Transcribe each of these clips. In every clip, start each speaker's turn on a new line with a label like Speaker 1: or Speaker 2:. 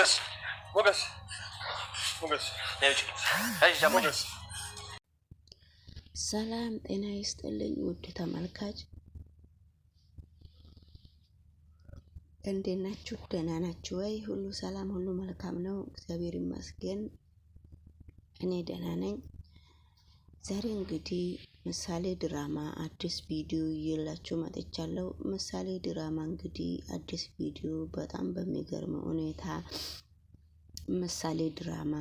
Speaker 1: ሞገስ ሞገስ ሞገስ ሰላም ጤና ይስጥልኝ ውድ ተመልካች እንዴት ናችሁ? ደህና ናችሁ ወይ? ሁሉ ሰላም፣ ሁሉ መልካም ነው። እግዚአብሔር ይመስገን፣ እኔ ደህና ነኝ። ዛሬ እንግዲህ ምሳሌ ድራማ አዲስ ቪዲዮ እየላችሁ መጥቻለሁ። ምሳሌ ድራማ እንግዲህ አዲስ ቪዲዮ በጣም በሚገርም ሁኔታ ምሳሌ ድራማ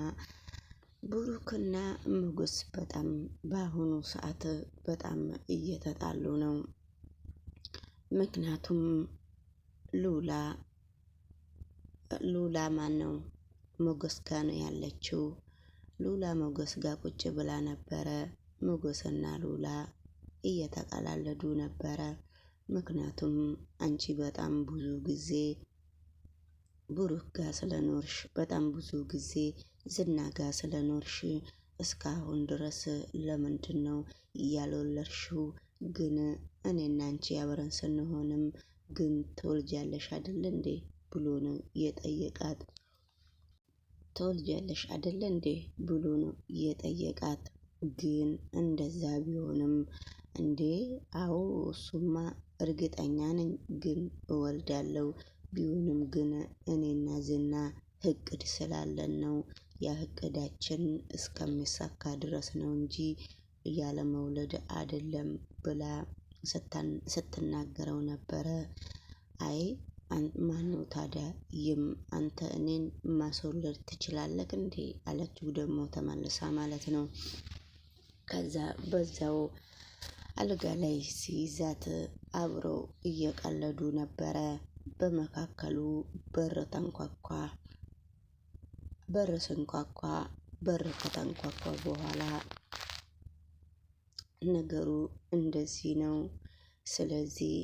Speaker 1: ብሩክና ሞገስ በጣም በአሁኑ ሰዓት በጣም እየተጣሉ ነው። ምክንያቱም ሉላ ሉላ ማን ነው ሞገስ ጋ ነው ያለችው ሉላ ሞገስ ጋር ቁጭ ብላ ነበረ። ሞገስና ሉላ እየተቀላለዱ ነበረ። ምክንያቱም አንቺ በጣም ብዙ ጊዜ ብሩክ ጋር ስለኖርሽ፣ በጣም ብዙ ጊዜ ዝና ጋር ስለኖርሽ እስካሁን ድረስ ለምንድን ነው እያልወለድሽው? ግን እኔና አንቺ አብረን ስንሆንም ግን ትወልጃለሽ አይደል እንዴ ብሎ ነው የጠየቃት። ተወልጃለሽ አደለ እንዴ ብሎ ነው የጠየቃት። ግን እንደዛ ቢሆንም እንዴ አዎ እሱማ እርግጠኛ ነኝ፣ ግን እወልዳለው ቢሆንም ግን እኔና ዝና እቅድ ስላለን ነው ያ እቅዳችን እስከሚሳካ ድረስ ነው እንጂ እያለ መውለድ አይደለም ብላ ስትናገረው ነበረ። አይ ማነው ታዲያ አንተ እኔን ማስወለድ ትችላለህ እንዴ? አለችው ደግሞ ተመልሳ ማለት ነው። ከዛ በዛው አልጋ ላይ ሲይዛት አብረው እየቀለዱ ነበረ። በመካከሉ በር ተንኳኳ። በር ስንኳኳ በር ከተንኳኳ በኋላ ነገሩ እንደዚህ ነው። ስለዚህ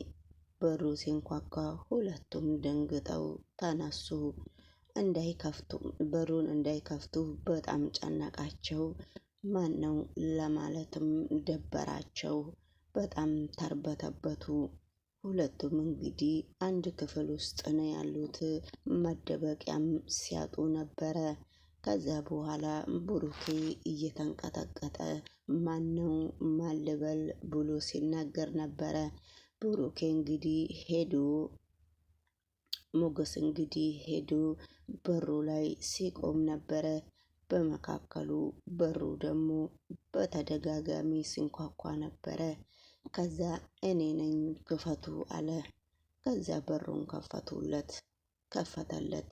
Speaker 1: በሩ ሲንኳኳ ሁለቱም ደንግጠው ተነሱ። እንዳይከፍቱ በሩን እንዳይከፍቱ በጣም ጨነቃቸው። ማን ነው ለማለትም ደበራቸው። በጣም ተርበተበቱ። ሁለቱም እንግዲህ አንድ ክፍል ውስጥ ነው ያሉት። መደበቂያም ሲያጡ ነበረ። ከዛ በኋላ ብሩኬ እየተንቀጠቀጠ ማን ነው ማልበል ብሎ ሲናገር ነበረ። ብሩኬ እንግዲህ ሄዶ ሞገስ እንግዲህ ሄዶ በሩ ላይ ሲቆም ነበረ። በመካከሉ በሩ ደግሞ በተደጋጋሚ ሲንኳኳ ነበረ። ከዛ እኔ ነኝ ክፈቱ አለ። ከዛ በሩን ከፈቱለት ከፈተለት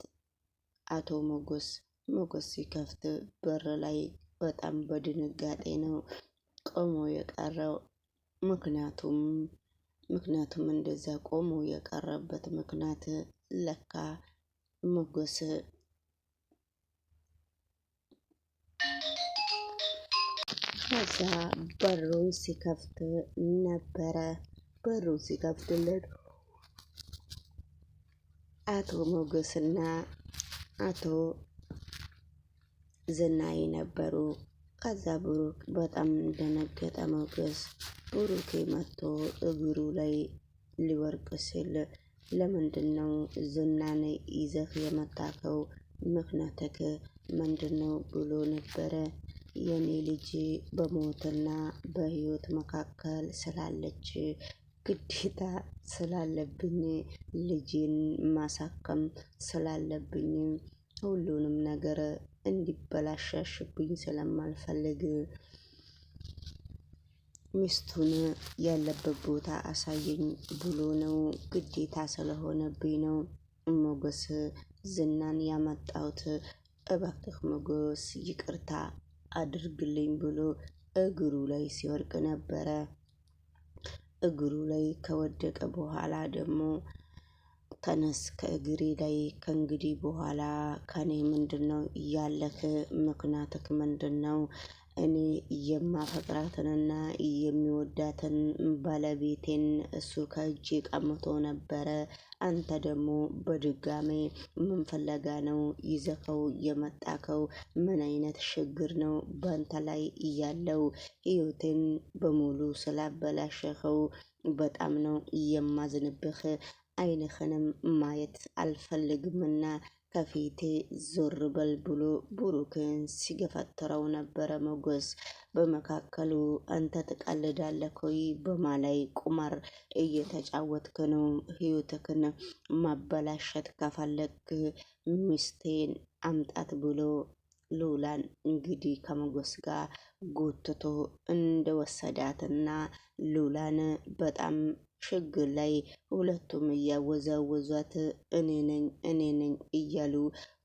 Speaker 1: አቶ ሞገስ። ሞገስ ሲከፍት በር ላይ በጣም በድንጋጤ ነው ቆሞ የቀረው ምክንያቱም ምክንያቱም እንደዛ ቆሞ የቀረበት ምክንያት ለካ ሞገስ ከዛ በሩን ሲከፍት ነበረ። በሩን ሲከፍትለት አቶ ሞገስና አቶ ዝናይ ነበሩ። ከዛ ብሩክ በጣም እንደነገጠ ሞገስ ብሩኬ መጥቶ እግሩ ላይ ሊወርቅ ሲል ለምንድን ነው ዝናን ይዘህ የመጣከው? ምክንያትህ ምንድን ነው ብሎ ነበረ። የኔ ልጅ በሞትና በህይወት መካከል ስላለች ግዴታ ስላለብኝ ልጅን ማሳከም ስላለብኝ ሁሉንም ነገር እንዲበላሻሽብኝ ስለማልፈልግ ሚስቱን ያለበት ቦታ አሳየኝ ብሎ ነው። ግዴታ ስለሆነብኝ ነው። ሞገስ ዝናን ያመጣሁት እባክህ ሞገስ ይቅርታ አድርግልኝ ብሎ እግሩ ላይ ሲወድቅ ነበረ። እግሩ ላይ ከወደቀ በኋላ ደግሞ ተነስ ከእግሬ ላይ ከእንግዲህ በኋላ ከኔ ምንድን ነው እያለክ ምክንያትክ ምንድን ነው? እኔ የማፈቅራትንና የሚወዳትን ባለቤቴን እሱ ከእጅ ቀምቶ ነበረ። አንተ ደግሞ በድጋሜ ምን ፍለጋ ነው ይዘኸው የመጣከው? ምን አይነት ችግር ነው በንተ ላይ ያለው? ህይወቴን በሙሉ ስላበላሸኸው በጣም ነው የማዝንብህ። አይንህንም ማየት አልፈልግምና ከፊቴ ዞር በል ብሎ ቡሩክን ሲገፈትረው ነበረ ሞገስ። በመካከሉ አንተ ትቀልዳለህ በማላይ ቁማር እየተጫወትክ ነው። ህይወትክን ማበላሸት ካፋለክ ሚስቴን አምጣት ብሎ ሉላን እንግዲህ ከሞገስ ጋር ጎትቶ እንደወሰዳትና ሉላን በጣም ችግር ላይ ሁለቱም እያወዛወዟት እኔ ነኝ እኔ ነኝ እያሉ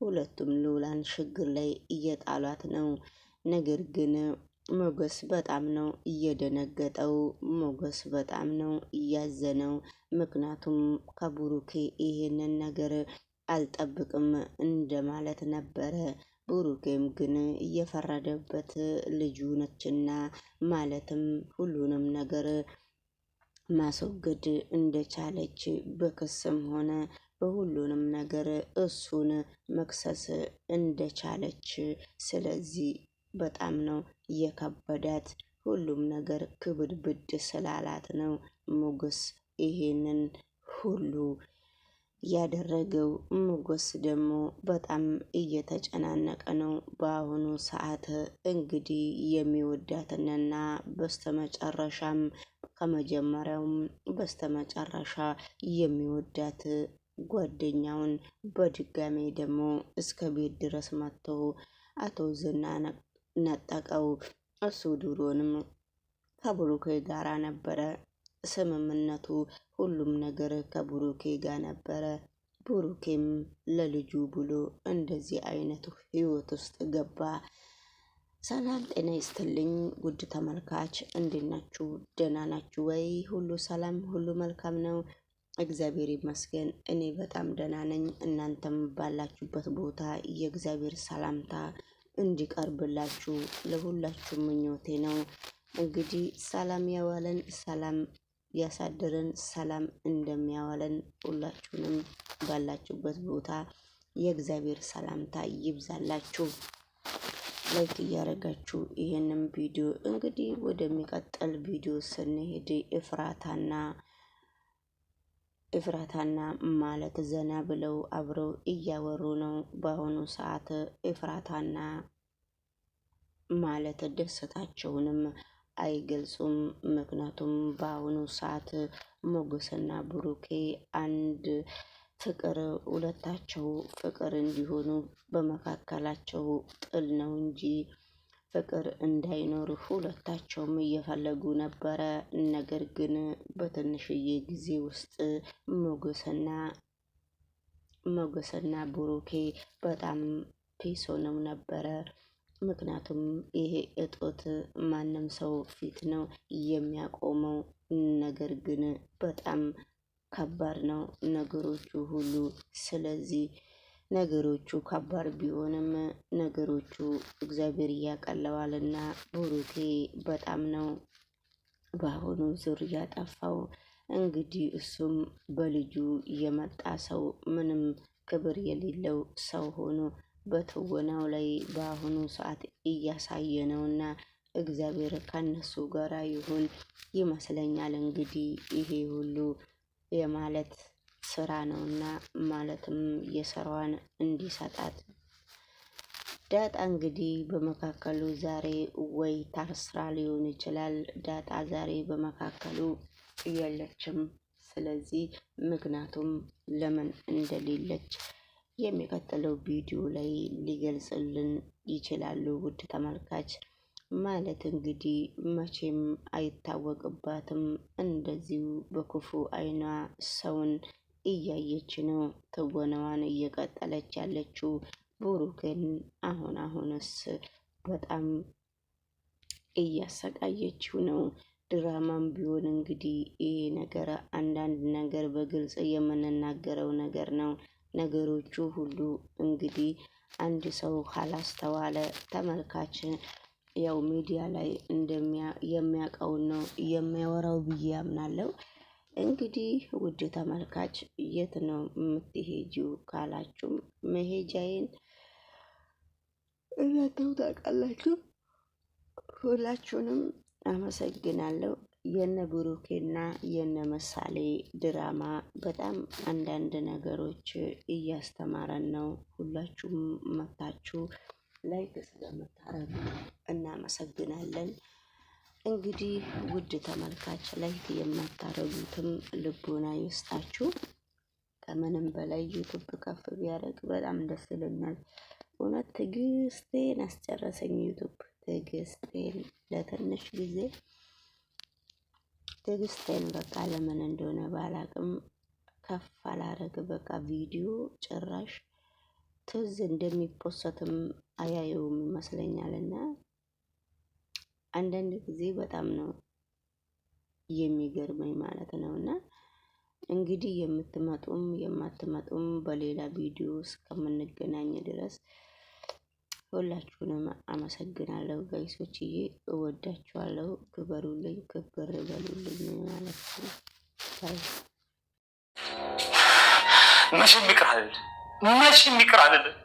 Speaker 1: ሁለቱም ሎላን ችግር ላይ እየጣሏት ነው። ነገር ግን ሞገስ በጣም ነው እየደነገጠው። ሞገስ በጣም ነው እያዘነው። ምክንያቱም ከቡሩኬ ይሄንን ነገር አልጠብቅም እንደማለት ነበረ። ቡሩኬም ግን እየፈረደበት ልጁ ነችና ማለትም ሁሉንም ነገር ማስወገድ እንደቻለች በክስም ሆነ በሁሉንም ነገር እሱን መክሰስ እንደቻለች። ስለዚህ በጣም ነው የከበዳት። ሁሉም ነገር ክብድብድ ስላላት ነው ሞገስ ይሄንን ሁሉ ያደረገው። ሞገስ ደግሞ በጣም እየተጨናነቀ ነው በአሁኑ ሰዓት። እንግዲህ የሚወዳትንና በስተመጨረሻም ከመጀመሪያውም በስተመጨረሻ የሚወዳት ጓደኛውን በድጋሜ ደግሞ እስከ ቤት ድረስ መጥቶ አቶ ዝና ነጠቀው። እሱ ድሮንም ከብሩኬ ጋር ነበረ ስምምነቱ፣ ሁሉም ነገር ከብሩኬ ጋር ነበረ። ብሩኬም ለልጁ ብሎ እንደዚህ አይነቱ ህይወት ውስጥ ገባ። ሰላም ጤና ይስጥልኝ ውድ ተመልካች፣ እንዴት ናችሁ? ደህና ናችሁ ወይ? ሁሉ ሰላም፣ ሁሉ መልካም ነው። እግዚአብሔር ይመስገን፣ እኔ በጣም ደህና ነኝ። እናንተም ባላችሁበት ቦታ የእግዚአብሔር ሰላምታ እንዲቀርብላችሁ ለሁላችሁ ምኞቴ ነው። እንግዲህ ሰላም ያዋለን፣ ሰላም ያሳደረን ሰላም እንደሚያዋለን ሁላችሁንም ባላችሁበት ቦታ የእግዚአብሔር ሰላምታ ይብዛላችሁ። ላይክ እያደረጋችሁ ይሄንን ቪዲዮ እንግዲህ ወደሚቀጥል ቪዲዮ ስንሄድ እፍራታና እፍራታና ማለት ዘና ብለው አብረው እያወሩ ነው። በአሁኑ ሰዓት እፍራታና ማለት ደስታቸውንም አይገልጹም። ምክንያቱም በአሁኑ ሰዓት ሞገስና ብሩኬ አንድ ፍቅር ሁለታቸው ፍቅር እንዲሆኑ በመካከላቸው ጥል ነው እንጂ ፍቅር እንዳይኖር ሁለታቸውም እየፈለጉ ነበረ። ነገር ግን በትንሽዬ ጊዜ ውስጥ ሞገስና ሞገስና ብሩኬ በጣም ፒስ ሆነው ነበረ። ምክንያቱም ይሄ እጦት ማንም ሰው ፊት ነው የሚያቆመው። ነገር ግን በጣም ከባድ ነው ነገሮቹ ሁሉ። ስለዚህ ነገሮቹ ከባድ ቢሆንም ነገሮቹ እግዚአብሔር እያቀለዋልና ብሩኬ በጣም ነው በአሁኑ ዙር እያጠፋው። እንግዲህ እሱም በልጁ የመጣ ሰው ምንም ክብር የሌለው ሰው ሆኖ በትወናው ላይ በአሁኑ ሰዓት እያሳየ ነው እና እግዚአብሔር ከነሱ ጋራ ይሁን ይመስለኛል። እንግዲህ ይሄ ሁሉ የማለት ስራ እና ማለትም የሰራዋን እንዲሰጣት ዳጣ እንግዲህ በመካከሉ ዛሬ ወይ ታስራ ሊሆን ይችላል። ዳጣ ዛሬ በመካከሉ የለችም። ስለዚህ ምክንያቱም ለምን እንደሌለች የሚቀጥለው ቪዲዮ ላይ ሊገልጽልን ይችላሉ። ውድ ተመልካች ማለት እንግዲህ መቼም አይታወቅባትም። እንደዚሁ በክፉ አይኗ ሰውን እያየች ነው ትወነዋን እየቀጠለች ያለችው። ብሩክን አሁን አሁንስ በጣም እያሰቃየችው ነው። ድራማም ቢሆን እንግዲህ ይሄ ነገር አንዳንድ ነገር በግልጽ የምንናገረው ነገር ነው። ነገሮቹ ሁሉ እንግዲህ አንድ ሰው ካላስተዋለ ተመልካች ያው ሚዲያ ላይ የሚያውቀውን ነው የሚያወራው ብዬ አምናለሁ። እንግዲህ ውድ ተመልካች የት ነው የምትሄጂው ካላችሁም መሄጃዬን እናንተው ታውቃላችሁ። ሁላችሁንም አመሰግናለሁ። የነ ብሩኬና የነ መሳሌ ድራማ በጣም አንዳንድ ነገሮች እያስተማረን ነው። ሁላችሁም መታችሁ ላይክ ስለምታረጉ እናመሰግናለን። እንግዲህ ውድ ተመልካች ላይክ የማታረጉትም ልቦና ይስጣችሁ። ከምንም በላይ ዩቱብ ከፍ ቢያደርግ በጣም ደስ ይለኛል። እውነት ትግስቴን አስጨረሰኝ ዩቱብ ትግስቴን ለትንሽ ጊዜ ትግስቴን በቃ ለምን እንደሆነ ባላቅም ከፍ አላረግ በቃ ቪዲዮ ጭራሽ ትዝ እንደሚፖሰትም አያየውም ይመስለኛል። እና አንዳንድ ጊዜ በጣም ነው የሚገርመኝ ማለት ነው። እና እንግዲህ የምትመጡም የማትመጡም በሌላ ቪዲዮ እስከምንገናኝ ድረስ ሁላችሁንም አመሰግናለሁ። ጋይሶችዬ እወዳችኋለሁ። ክበሩልኝ፣ ክብር በሉልኝ ማለት ነው።
Speaker 2: መቼም ይቅራል። መቼም ይቅር አልልም።